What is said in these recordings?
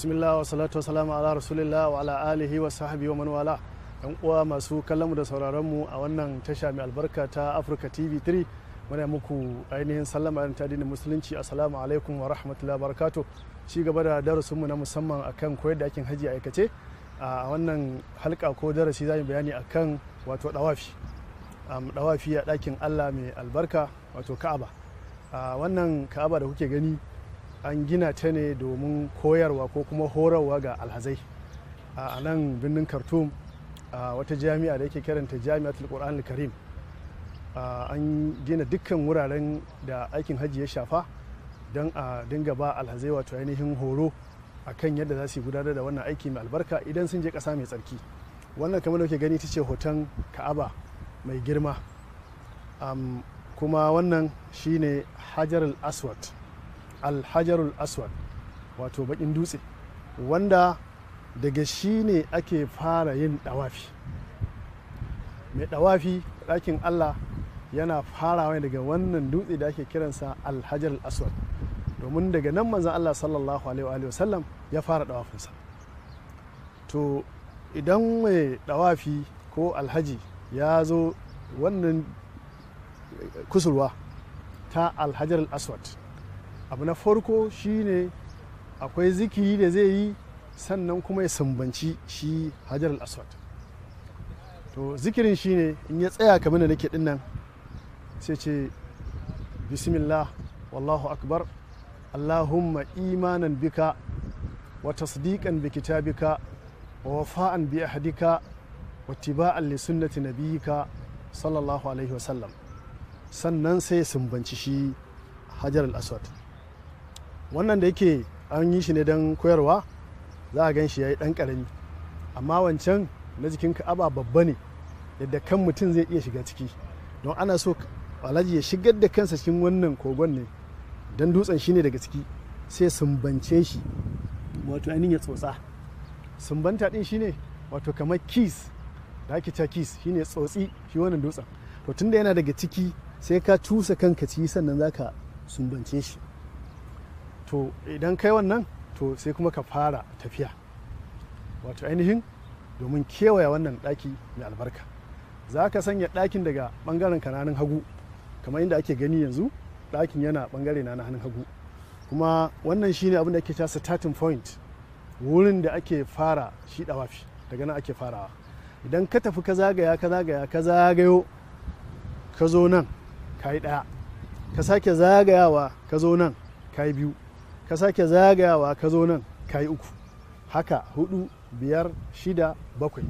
bismillah wa salatu wa salamu ala rasulillah wa ala alihi wa sahabi wa manwala yan uwa masu kallonmu da mu a wannan tasha mai albarka ta africa tv 3 muna muku ainihin sallama ta addinin musulunci assalamu alaikum wa rahmatullahi wa barakatuh ci gaba da darasinmu na musamman akan koyar da aikin haji aikace a wannan halka ko darasi za bayani akan wato dawafi dawafi a ɗakin allah mai albarka wato ka'aba a wannan ka'aba da kuke gani an gina ta ne domin koyarwa ko kuma horarwa ga alhazai a nan birnin khartoum a wata jami'a da yake karanta jami'atul qur'an karim an gina dukkan wuraren da aikin hajji ya shafa don a dinga ba alhazai wato ainihin horo a kan yadda za su gudanar da wannan aiki mai albarka idan sun je ƙasa mai tsarki wannan kamar da kuke gani ta ce hoton ka'aba mai girma kuma wannan shine hajar al-aswad alhajarul aswad wato bakin dutse wanda daga shi ne ake fara yin dawafi mai dawafi ɗakin allah yana farawa daga wannan dutse da ake kiransa alhajar aswad domin daga nan manzan allah sallallahu alaihi wa sallam ya fara dawafinsa to idan mai dawafi ko alhaji ya zo wannan kusurwa ta alhajar aswad abu na farko shine akwai zikiri da zai yi sannan kuma ya sambanci shi hajar al-aswad to zikirin shine in ya tsaya kamar da nake dinnan sai ce bismillah wallahu akbar allahumma imanan bika wa tasdiqan bi kitabika wa wafa'an bi ahdika wa tiba'an li sunnati nabiyika sallallahu alaihi wasallam sannan sai ya sumbanci shi hajar al-aswad wannan da yake an yi shi ne don koyarwa za a gan shi ya yi ɗan ƙarami amma wancan na jikin ka'aba babba ne yadda kan mutum zai iya shiga ciki don ana so alhaji ya shigar da kansa cikin wannan kogon ne don dutsen shi ne daga ciki sai sumbance shi wato ainihin ya tsotsa sumbanta ɗin shi ne wato kamar kis da ake ta kis shi ne tsotsi shi wannan dutsen to tunda yana daga ciki sai ka cusa kanka ci sannan zaka sumbance shi to idan kai wannan to sai kuma ka fara tafiya wato ainihin domin kewaya wannan ɗaki mai albarka za ka sanya ɗakin daga ɓangaren kananan hagu kamar inda ake gani yanzu ɗakin yana bangare na hannun hagu kuma wannan shine abin da ake cewa starting point wurin da ake fara shi dawafi daga nan ake farawa idan ka tafi ka zagaya ka zagaya ka zagayo ka zo nan ka yi ɗaya ka sake zagayawa ka zo nan ka biyu ka sake zagayawa ka zo nan ka yi uku haka hudu biyar shida bakwai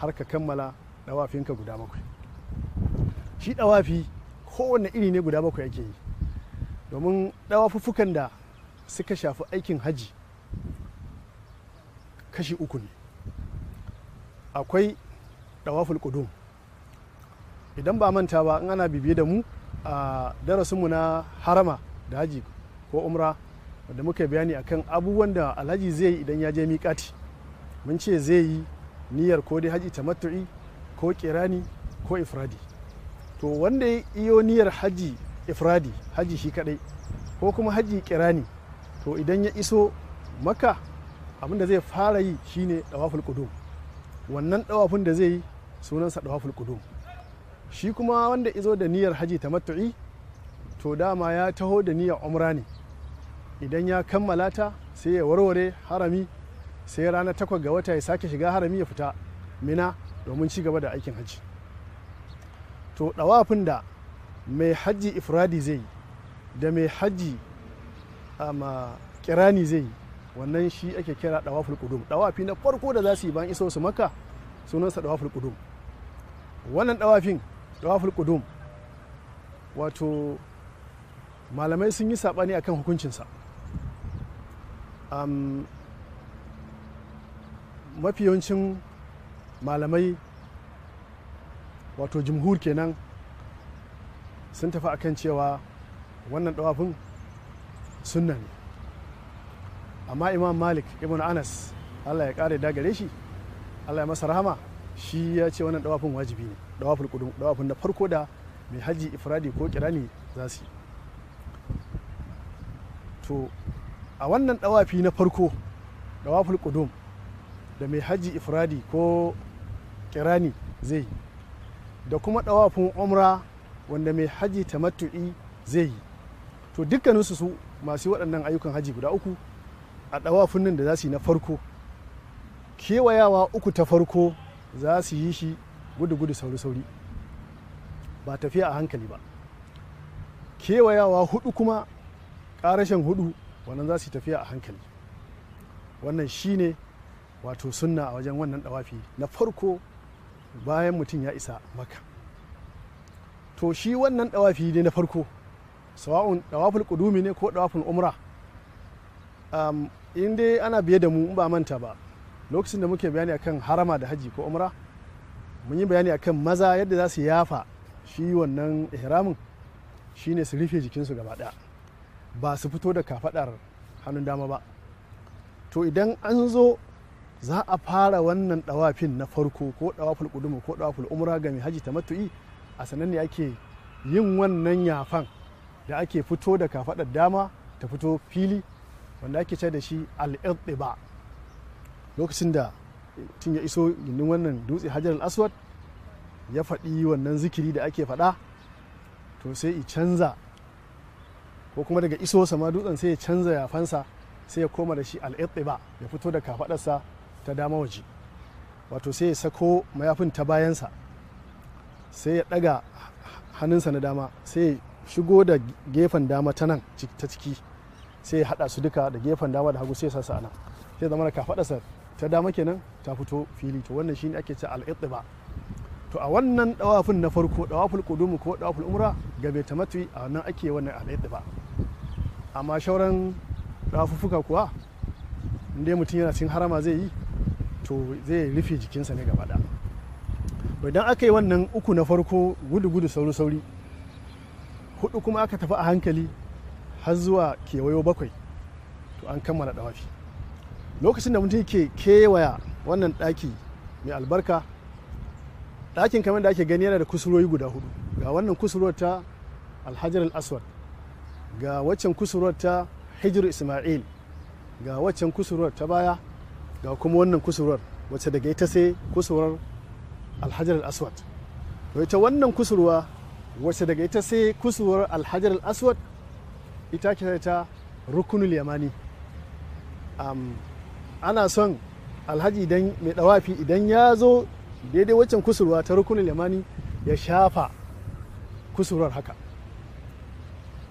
har ka kammala dawafinka guda bakwai shi dawafi kowane iri ne guda bakwai ake yi domin dawafuffukan da suka shafi aikin haji kashi uku ne akwai dawaful kudum idan ba manta ba in ana bibiye da mu a darasinmu na harama da haji ko umra wadda muka bayani akan abubuwan da alhaji zai yi idan ya je miƙati mun ce zai yi niyyar ko dai haji tamattu'i ko kirani ko ifradi to wanda ya iyo niyyar haji ifradi haji shi kadai ko kuma haji kirani to idan ya iso maka abinda zai fara yi shine dawaful qudum wannan dawafin da zai yi sunansa dawaful qudum shi kuma wanda izo da niyyar haji tamattu'i to dama ya taho da niyyar umra ne idan ya kammala ta sai ya warware harami sai ranar takwa ga wata ya sake shiga harami ya fita mina domin ci gaba da aikin hajji to dawafin da mai hajji ifradi zai yi da mai hajji um, kirani zai yi wannan shi ake kira ɗawaful kudum ɗawafi na farko da za su yi bayan iso su maka sunansa ɗawaful kudum wannan ɗawafin ɗawaful kudum wato malamai sun yi saɓani akan hukuncinsa um, mafi yawancin malamai wato jimhur kenan sun tafi akan cewa wannan dawafin sunna ne amma imam malik ibn anas allah ya kare dagare shi allah ya masa rahama shi ya ce wannan dawafin wajibi ne dawafin na farko da mai haji ifradi ko kirani za su yi to a wannan dawafi na farko dawaful qudum da mai haji ifradi ko kirani zai yi da kuma dawafin umra wanda mai haji tamattu'i zai yi to dukkaninsu su masu waɗannan ayyukan haji guda uku a dawafin nan da za su yi na farko kewayawa uku ta farko za su yi shi gudu-gudu sauri-sauri ba tafiya a hankali ba kewayawa hudu kuma ƙarashin hudu wannan za su yi tafiya a hankali wannan shine wato sunna a wajen wannan dawafi na farko bayan mutum ya isa maka to shi wannan dawafi ne na farko sawa'un dawafin kudumi ne ko dawafin umra um, in dai ana biye da mu ba manta ba lokacin da muke bayani akan harama da haji ko umra mun yi bayani akan maza yadda za su yafa shi wannan ihramin shine su rufe jikinsu gaba daya ba su fito da kafadar hannun dama ba to idan an zo za a fara wannan dawafin na farko ko dawafin kudumu ko dawafin umra ga mai haji tamattu'i a sananne ne ake yin wannan yafan da ake fito da kafadar dama ta fito fili wanda ake ce da shi al ba lokacin da tun ya iso gindin wannan dutse hajar al-aswad ya faɗi wannan zikiri da ake faɗa to sai i canza ko kuma daga iso sama dutsen sai ya canza yafansa sai ya koma da shi ba ya fito da kafadarsa ta dama waje wato sai ya sako mayafin ta bayansa sai ya daga hannunsa na dama sai ya shigo da gefen dama ta nan ta ciki sai ya hada su duka da gefen dama da hagu sai ya sa su anan sai zama da kafaɗarsa ta dama kenan ta fito fili to wannan shine ake ce ba, to a wannan dawafin na farko dawaful qudum ko dawaful umra gabe tamatwi a wannan ake wannan ba. amma shauran rafuffuka kuwa inda mutum yana cin harama zai yi to zai rufe jikinsa ne gaba idan aka yi wannan uku na farko gudu-gudu sauri-sauri hudu kuma aka tafi a hankali har zuwa kewayo bakwai to an kammala dawafi lokacin da mutum ke kewaya wannan daki mai albarka dakin kamar da ake gani yana da kusurori guda hudu ga wannan kusurwar ta alhajar al-aswad ga waccan kusurwar ta hijir ismail ga waccan kusurwar ta baya ga kuma wannan kusurwar wacce daga ita sai kusurwar alhajar al-aswad ita wannan kusurwa wacce daga ita sai kusurwar alhajar al-aswad ita ke ta rukunul yamani um, ana son alhaji idan mai dawafi idan ya zo daidai waccan kusurwa ta rukunul yamani ya shafa kusurwar haka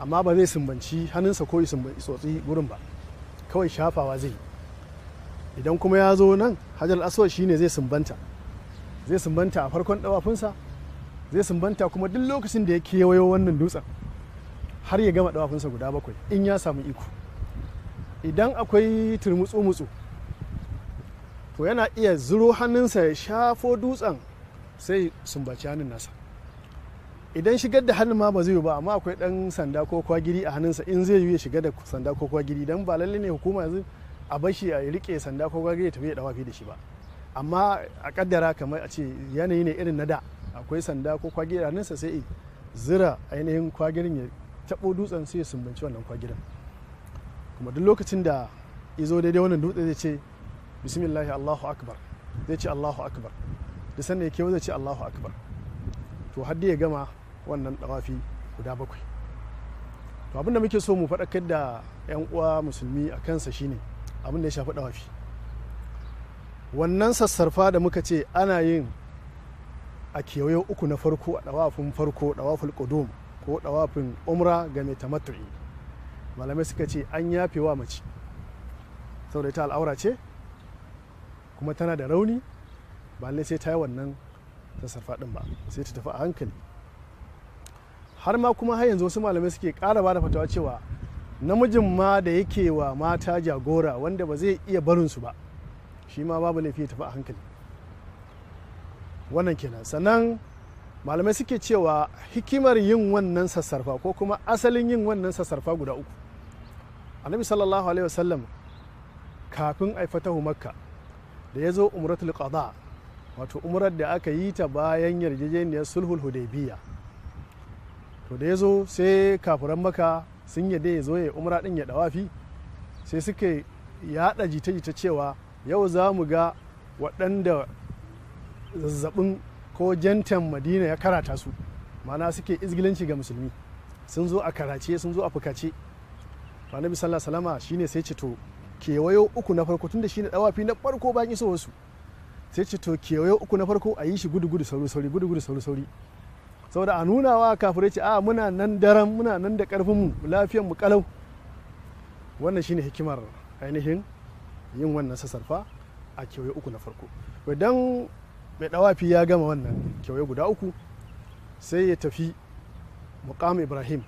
amma ba zai sumbanci hannunsa ko tsotsi gurin ba kawai shafawa zai idan kuma ya zo nan hajar shi shine zai sumbanta zai sumbanta a farkon dawafinsa zai sumbanta kuma duk lokacin da ya kewayo wannan dutsen har ya gama dawafinsa guda bakwai in ya samu iko idan akwai turmutsu-mutsu to yana iya zuro hannunsa ya shafo dutsen sai sumbaci hannun nasa idan shigar da hannun ma ba zai yi ba amma akwai dan sanda ko kwagiri a hannunsa in zai yi ya shiga da sanda ko kwagiri dan ba lalle ne hukuma yanzu a bashi a rike sanda ko kwagiri ya tafi ya dawafi da shi ba amma a kaddara kamar a ce yanayi ne irin na da akwai sanda ko kwagiri a hannunsa sai zira ainihin kwagirin ya tabo dutsen sai ya sumbanci wannan kwagirin kuma duk lokacin da izo daidai wannan dutse zai ce bismillahi allahu akbar zai ce allahu akbar da sannan ya kewa zai ce allahu akbar to har ya gama wannan dawafi guda bakwai to abin da muke so mu faɗakar da 'yan uwa musulmi a kansa shine abin da ya shafi dawafi wannan sassarfa da muka ce ana yin a kewaye uku na farko a dawafin farko dawafin qudum ko dawafin umra ga mai tamattu'i malamai suka ce an yafe wa mace saboda ita al'aura ce kuma tana da rauni ba sai ta yi wannan sassarfa ɗin ba sai ta tafi a hankali har ma kuma har yanzu wasu malamai suke ƙara ba da fatawa cewa namijin ma da yake wa mata jagora wanda ba zai iya barinsu ba shi ma babu laifi tafi a hankali wannan kenan sannan malamai suke cewa hikimar yin wannan sassarfa ko kuma asalin yin wannan sassarfa guda uku annabi sallallahu alaihi wasallam kafin aifatahu makka da ya zo umratul qada wato umrar da aka yi ta bayan yarjejeniyar sulhul hudaybiyah to da ya zo sai kafuran maka sun yadda ya zo ya umra din ya dawafi sai suka yaɗa jita-jita cewa yau za mu ga waɗanda zazzabin ko jantan madina ya karata su mana suke izgilanci ga musulmi sun zo a karace sun zo a fukace annabi sallallahu salama shine sai cito kewayo uku na farko tunda shine dawafi na farko bayan iso wasu sai cito kewayo uku na farko a yi shi gudu gudu sauri sauri gudu gudu sauri sauri saboda a nuna wa kafirai ce a ah, muna nan daren muna nan da karfinmu mu mu kalau wannan shine hikimar ainihin yin wannan sassarfa a kewaye uku na farko idan mai dawafi ya gama wannan kewaye guda uku sai ya tafi muqam ibrahim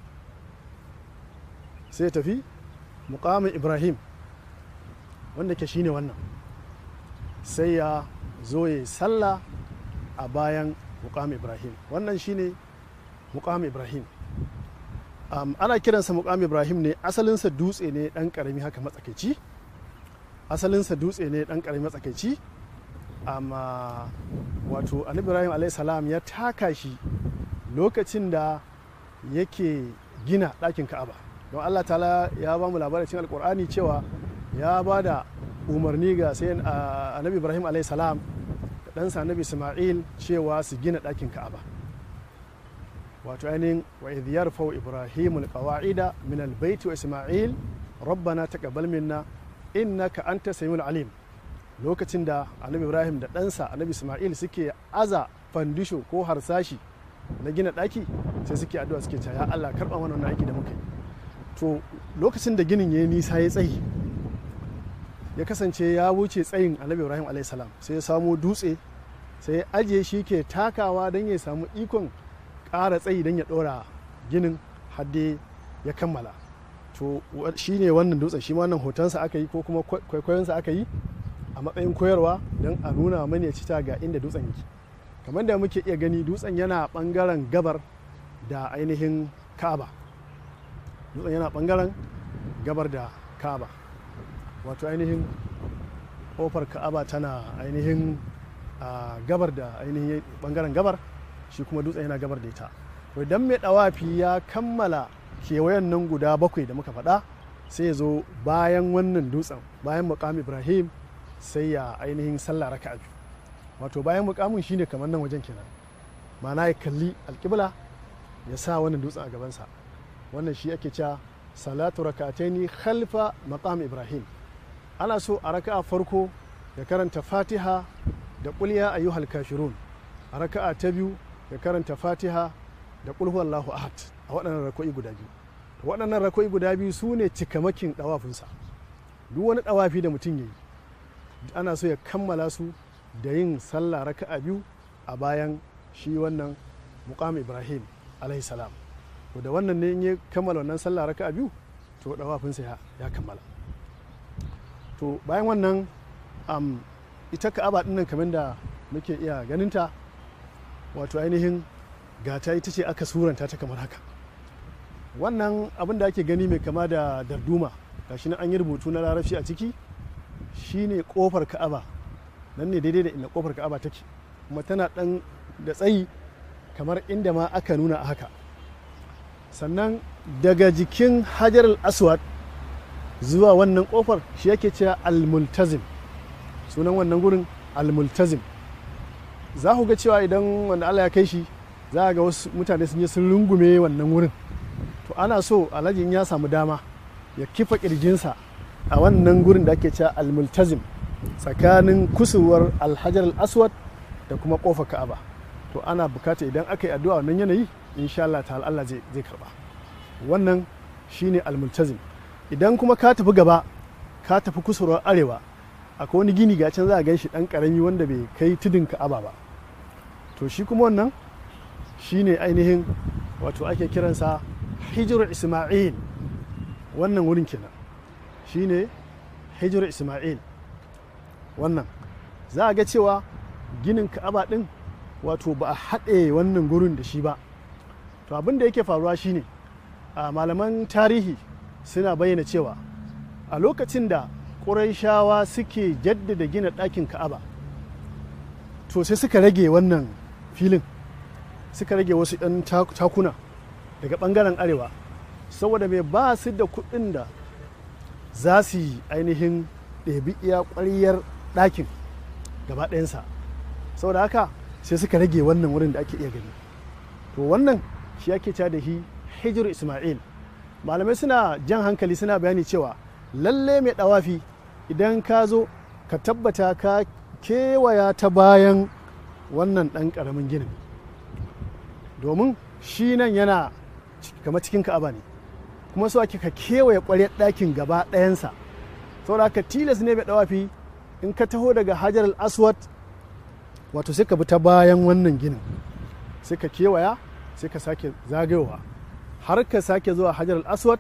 sai ya tafi muqam ibrahim wanda ke shine wannan sai ya zo ya sallah a bayan muqam ibrahim wannan shine muqam ibrahim ana kiransa muqam ibrahim ne asalinsa dutse ne dan karami haka matsakaici asalinsa dutse ne dan karami matsakaici amma wato ali ibrahim alayhi salam ya taka shi lokacin da yake gina ɗakin ka'aba don allah ta'ala ya ba mu labarin cikin alkur'ani cewa ya ba da umarni ga sayan annabi ibrahim alayhi salam ɗansa annabi isma'il cewa su gina ɗakin ka'aba wato ainihin wa idh fau ibrahim alqawaida min albayti wa isma'il rabbana taqabbal minna innaka anta samiul alim lokacin da annabi ibrahim da ɗansa annabi isma'il suke aza fandisho ko harsashi na gina ɗaki sai suke addu'a suke ta ya Allah karɓa mana wannan aiki da muka yi to lokacin da ginin ya yi nisa ya tsayi ya kasance ya wuce tsayin annabi ibrahim alaihissalam sai ya samu dutse sai ya ajiye shi ke takawa don ya samu ikon ƙara tsayi don ya ɗora ginin hadde ya kammala to shi ne wannan dutsen shi ma wannan hotonsa aka yi ko kuma kwaikwayonsa aka yi a matsayin koyarwa don a nuna mani ya cita ga inda dutsen yake kamar da muke iya gani dutsen yana bangaren gabar da ainihin ka'aba dutsen yana bangaren gabar da ka'aba wato ainihin kofar ka'aba tana ainihin a gabar da ainihin bangaren gabar shi kuma dutsen yana gabar da ita to idan mai dawafi ya kammala kewayen nan guda bakwai da muka faɗa sai ya zo bayan wannan dutsen bayan mukam ibrahim sai ya ainihin sallah raka'a biyu wato bayan mukamin shine kamar nan wajen kenan ma'ana ya kalli alƙibla, ya sa wannan dutsen a gabansa wannan shi ake cewa salatu raka'ataini khalfa maqam ibrahim ana so a raka'a farko ya karanta fatiha da kulya yuhal kafirun a raka'a ta biyu ya karanta fatiha da kulhu allahu ahad a waɗannan rako'i guda biyu waɗannan rako'i guda biyu su ne cikamakin ɗawafinsa duk wani ɗawafi da mutum ya yi ana so ya kammala su da yin sallah raka'a biyu a bayan shi wannan muqam ibrahim alaihi salam to da wannan ne in ya kammala wannan sallah raka'a biyu to ɗawafinsa ya kammala to bayan wannan ita ka'aba din nan kamar da muke iya ganinta wato ainihin gata ita ce aka suranta ta kamar haka wannan abin da ake gani mai kama da darduma gashi na an yi rubutu na larabci a ciki shine kofar ka'aba nan ne daidai da inda kofar ka'aba take kuma tana dan da tsayi kamar inda ma aka nuna a haka sannan daga jikin hajar aswad zuwa wannan kofar shi yake cewa almultazim sunan wannan gurin almultazim za ku ga cewa idan wanda Allah ya kai shi za a ga wasu mutane sun yi sun rungume wannan wurin to ana so alhaji ya samu dama ya kifa kirjinsa a wannan gurin da ake cewa almultazim tsakanin kusurwar alhajar al-aswad da kuma kofar ka'aba to ana bukata idan aka yi addu'a wannan yanayi insha Allah ta'ala Allah zai karba wannan shine almultazim idan kuma ka tafi gaba ka tafi kusurwar arewa akwai wani gini ga can za a gan shi dan karami wanda bai kai tudun ka'aba ba to shi kuma wannan shi ne ainihin wato ake kiransa hijirar isma'il wannan wurin kenan Shi ne hijirar isma'il wannan za a ga cewa ginin ka'aba din wato ba a haɗe wannan gurin da shi ba to abin da yake faruwa shine a malaman tarihi suna bayyana cewa a lokacin da ƙuraishawa suke jaddada gina ɗakin ka'aba to sai suka rage wannan filin suka rage wasu ɗan takuna daga ɓangaren arewa saboda mai ba su da kuɗin da za su yi ainihin ɗabi iya ƙwariyar ɗakin gaba ɗayansa saboda haka sai suka rage wannan wurin da ake iya gani to wannan shi ake da shi hijir ismail malamai suna jan hankali suna bayani cewa lalle mai dawafi idan ka zo ka tabbata ka kewaya ta bayan wannan ɗan ƙaramin ginin domin shi nan yana kama cikin ka'aba ne kuma so ake ka kewaye kwarya ɗakin gaba ɗayansa saboda haka tilas ne mai dawafi in ka taho daga hajar al-aswad wato sai ka bi ta bayan wannan ginin sai ka kewaya sai ka sake zagayowa har ka sake zuwa hajar al-aswad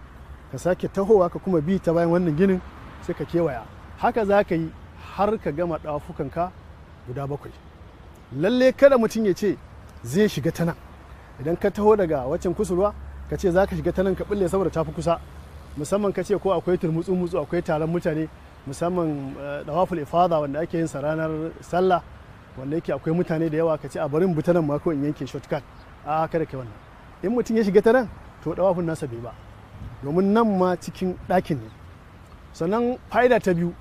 ka sake tahowa ka kuma bi ta bayan wannan ginin sai ka kewaya haka za ka yi har ka gama ka guda bakwai lalle kada mutum ya ce zai shiga ta nan idan ka taho daga waccan kusurwa ka ce za ka shiga ta nan ka bulle saboda tafi kusa musamman ka ce ko akwai turmutsu mutsu akwai taron mutane musamman eh, dawaful ifada wanda ake yin sa ranar sallah wanda yake akwai mutane da yawa ka ce a barin bi ta ma ko in yanke shortcut a kada ka wannan in mutum ya shiga ta nan to ɗawafin nasa bai ba domin nan ma cikin ɗakin ne sannan fa'ida ta biyu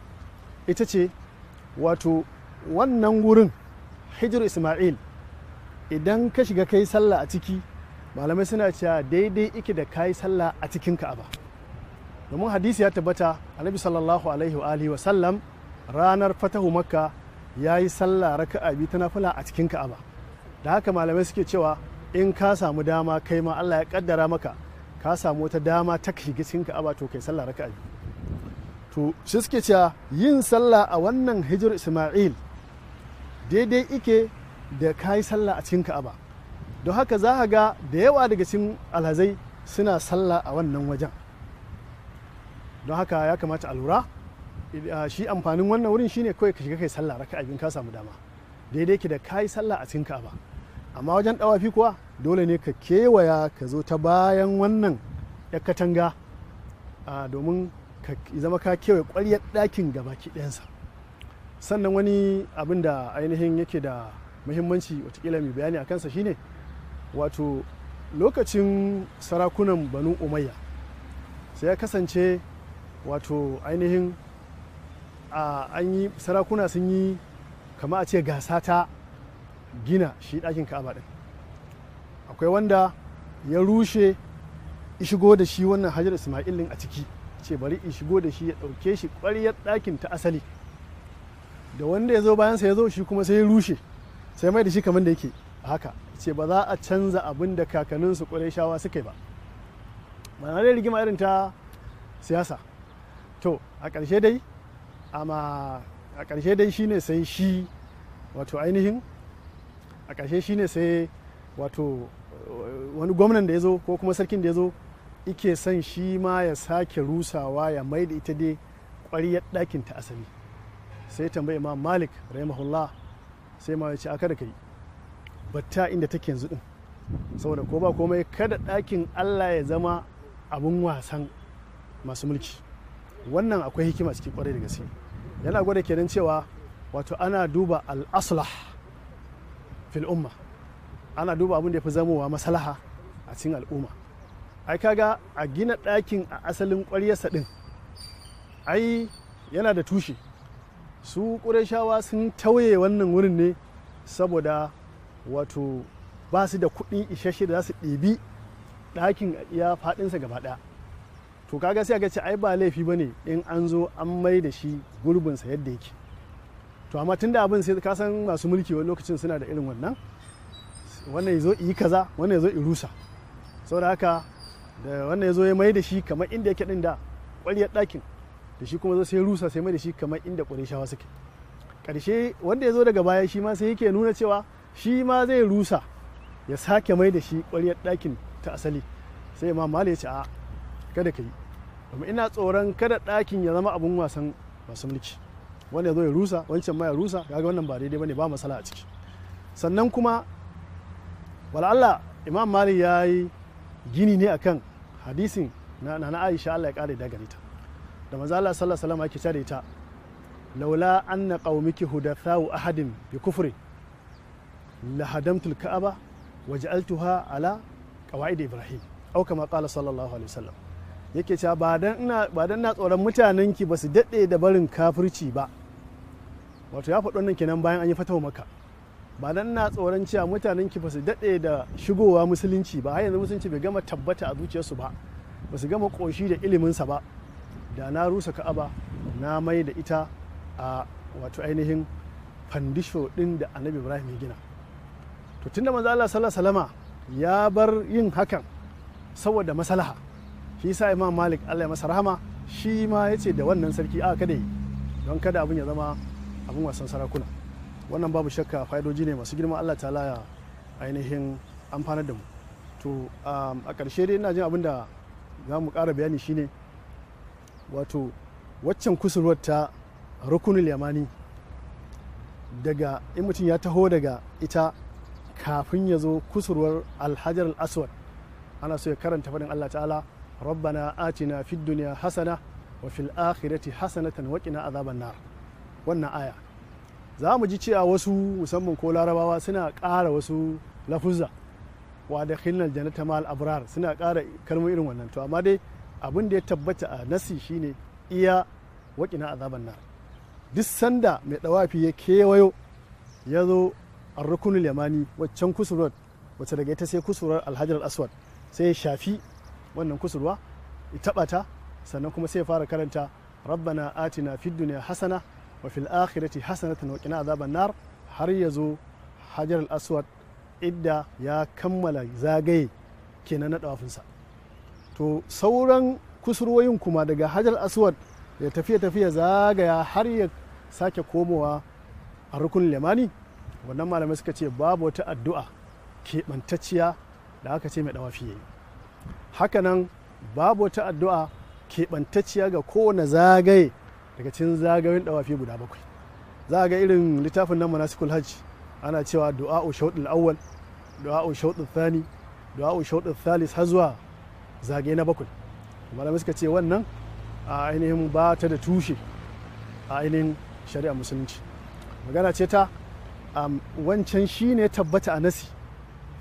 ita ce wato wannan wurin hijir ismail idan ka shiga kai sallah a ciki malamai suna cewa daidai ike da kayi sallah a cikin ka'aba domin hadisi ya tabbata annabi sallallahu alaihi wa alihi wa sallam ranar fatahu makka ya yi sallah raka'a biyu ta nafila a cikin ka'aba da haka malamai suke cewa in ka samu dama kai ma Allah ya kaddara maka ka samu wata dama ta shiga cikin ka'aba to kai sallah raka'a to shi suke cewa yin sallah a wannan hijir Isma'il daidai ike da kai sallah a cikin ka'aba don haka za ka ga da yawa daga cikin alhazai suna sallah a wannan wajen don haka ya kamata a lura shi amfanin wannan wurin shine kawai ka shiga kai sallah raka'a ka samu dama daidai ki da kai sallah a cikin ka'aba amma wajen ɗawafi kuwa dole ne ka kewaya ka zo ta bayan wannan ya katanga domin ka zama ka kewaye kwaryar ɗakin gabaki ɗayansa sannan wani abin da ainihin yake da muhimmanci watakila mai bayani a kansa shine wato lokacin sarakunan banu umayya sai ya kasance wato ainihin an yi sarakuna sun yi kama a ce gasa ta gina shi ɗakin ka'aba ɗin akwai wanda ya rushe shigo da shi wannan hajar ismailin a ciki ce bari in shigo da shi ya ɗauke shi ƙwaryar ɗakin ta asali da wanda ya zo bayansa ya zo shi kuma sai ya rushe sai mai da shi kamar da yake haka ce ba za a canza abin da kakanninsu shawa suka yi ba na dai rigima irin ta siyasa to a ƙarshe dai amma a ƙarshe dai shine sai shi wato ainihin a ƙarshe shine sai wato eh, wani gwamnan da ya zo ko kuma sarkin da ya zo ike son shi ma ya sake rusawa ya mai da ita dai ƙwariyar ɗakin ta asali sai tambayi imam malik rahimahullah sai ma ya ce aka da kai batta inda take yanzu din saboda ko ba komai kada ɗakin allah ya zama abin wasan masu mulki wannan akwai hikima cikin ƙwarai da gaske yana gwada kenan cewa wato ana duba al fil umma ana duba abin da ya fi zamowa maslaha a cikin al'umma ai kaga a gina ɗakin a asalin ƙwaryarsa ɗin ai yana da tushe su ƙurashawa sun tauye wannan wurin ne saboda wato ba su da kuɗi isasshe da za su ɗibi ɗakin a faɗinsa gaba ɗaya to kaga sai ga ce ai ba laifi ba ne in an zo an mai da shi gurbinsa yadda yake to amma tun da abin sai ka san masu mulki wani lokacin suna da irin wannan wannan ya zo yi kaza wannan ya zo yi rusa saboda haka da wannan ya zo ya mai da shi kamar inda yake din da ƙwaryar ɗakin da shi kuma zo sai rusa sai mai da shi kamar inda ƙurishawa suke ƙarshe wanda ya zo daga baya shi ma sai yake nuna cewa shi ma zai rusa ya sake mai da shi ƙwaryar ɗakin ta asali sai ma mali ya ce a kada ka yi domin ina tsoron kada ɗakin ya zama abun wasan masu mulki wani ya zo ya rusa wancan ma ya rusa kaga wannan ba daidai bane ba masala a ciki sannan kuma Allah imam malik ya yi gini ne akan hadisin na na aisha allah ya kare daga gare ta da maza allah sallallahu alaihi wasallam ake da ita, laula anna qaumiki hudathau ahadin bi kufri la hadamtul ka'aba wa ja'altuha ala qawaid ibrahim au kama qala sallallahu alaihi wasallam yake cewa ba dan ina ba dan na tsoron mutanenki ba su daɗe da barin kafirci ba wato ya faɗi wannan kenan bayan an yi fatawa maka ba dan na tsoron cewa mutanen ki ba su daɗe da shigowa musulunci ba har yanzu musulunci bai gama tabbata a zuciyarsu ba ba su gama ƙoshi da iliminsa ba da na rusa ka'aba na mai da ita a wato ainihin fandisho ɗin da annabi ibrahim ya gina to tunda manzo Allah salama ya bar yin hakan saboda maslaha shi sa imam malik Allah ya masa rahama shi ma yace da wannan sarki a kada don kada abin ya zama abin wasan sarakuna wannan babu shakka fa'idoji ne masu girma allah ta'ala ya ainihin amfanar da mu to um, a ƙarshe dai ina jin abin da za mu ƙara bayani shine wato waccan kusurwar ta rukunin yamani daga in mutum ya taho daga ita kafin ya zo kusurwar alhajar al-aswad ana so ya karanta faɗin allah ta'ala rabbana atina fid duniya hasana wa fil akhirati hasanatan wa qina azaban nar wannan aya za mu ji cewa wasu musamman ko larabawa suna ƙara wasu lafuzza wa da khilnal jannata mal abrar suna ƙara kalmar irin wannan to amma dai abin da ya tabbata a nasi shine iya waƙina azaban nar duk sanda mai dawafi ya kewayo ya zo a rukunin yamani waccan kusurar wacce daga ita sai kusurwar alhajar aswad sai ya shafi wannan kusurwa ya taɓa ta sannan kuma sai ya fara karanta rabbana atina fid dunya hasana wa fil akhirati hasanatan wa qina azaban nar har yazo hajar al-aswad idda ya kammala zagaye kenan na dawafinsa to sauran kusurwoyin kuma daga hajar aswad ya tafiya tafiya zagaya har ya sake komowa a rukun limani wannan malamai suka ce babu wata addu'a keɓantacciya da aka ce mai dawafi yayi hakanan babu wata addu'a keɓantacciya ga kowane zagaye daga cikin zagayoyin dawafi guda bakwai za a ga irin littafin nan manasikul Hajji. ana cewa du'a'u shawdul awwal du'a'u shaudul thani du'a'u shaudul thalis har zuwa zagaye na bakwai malamai suka ce wannan a ainihin ba ta da tushe a ainihin shari'a musulunci magana ce ta wancan shine tabbata a nasi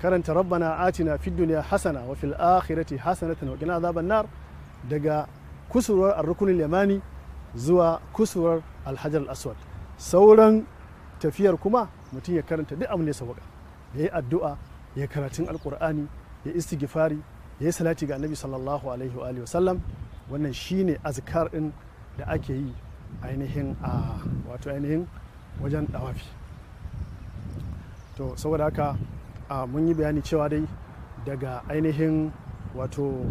karanta rabbana atina fid dunya hasana wa fil akhirati hasanatan wa qina adhaban nar daga kusurwar ar rukunin yamani zuwa kusurwar alhajar aswad sauran tafiyar kuma mutum ya karanta duk abin da ya sauka ya yi addu'a ya karatun alkur'ani ya istighfari ya yi salati ga annabi sallallahu alaihi wa alihi wasallam wannan shine azkar din da ake yi ainihin a wato ainihin wajen dawafi to saboda haka mun yi bayani cewa dai daga ainihin wato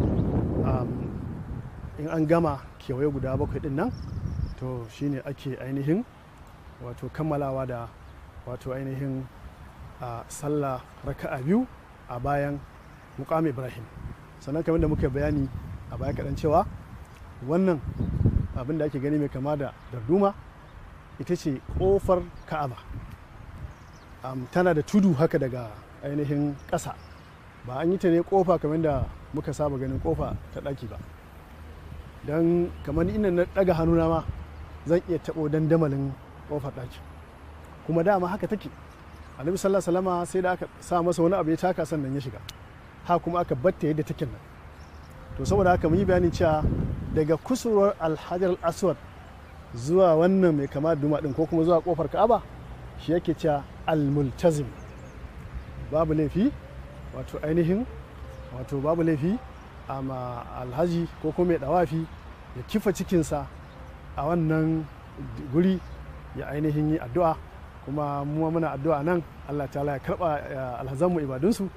in an gama kewaye guda bakwai din nan to shine ake ainihin wato kammalawa da wato ainihin a sallah raka'a biyu a bayan mukam ibrahim sannan kamar da muka bayani a baya kaɗan cewa wannan abin da ake gani mai kama da darduma ita ce ƙofar ka'aba tana da tudu haka daga ainihin ƙasa ba an yi ta ne kofa kamar da muka saba ganin ƙofa ta ɗaki ba don kamar ina na daga hannuna ma zan iya taɓo dandamalin ƙofar ɗaki kuma dama haka take A sallallahu alaihi salama, sai da aka sa masa wani abu ya taka sannan ya shiga ha kuma aka batta yadda take nan to saboda haka mun yi bayanin cewa daga kusurwar alhajar aswad zuwa wannan mai kama da duma din ko kuma zuwa kofar ka'aba shi yake cewa almultazim babu laifi wato ainihin wato babu laifi ama alhaji ko kuma mai dawafi ya kifa cikinsa a wannan guri ya ainihin yi addu'a kuma mu muna addu'a nan Allah ta'ala ya karba alhazanmu ibadunsu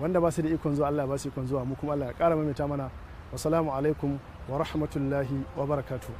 wanda ba su da ikon zuwa Allah ba su ikon zuwa mu kuma Allah ya kara mamita mana wasalamu alaikum wa rahmatullahi wa barakatu.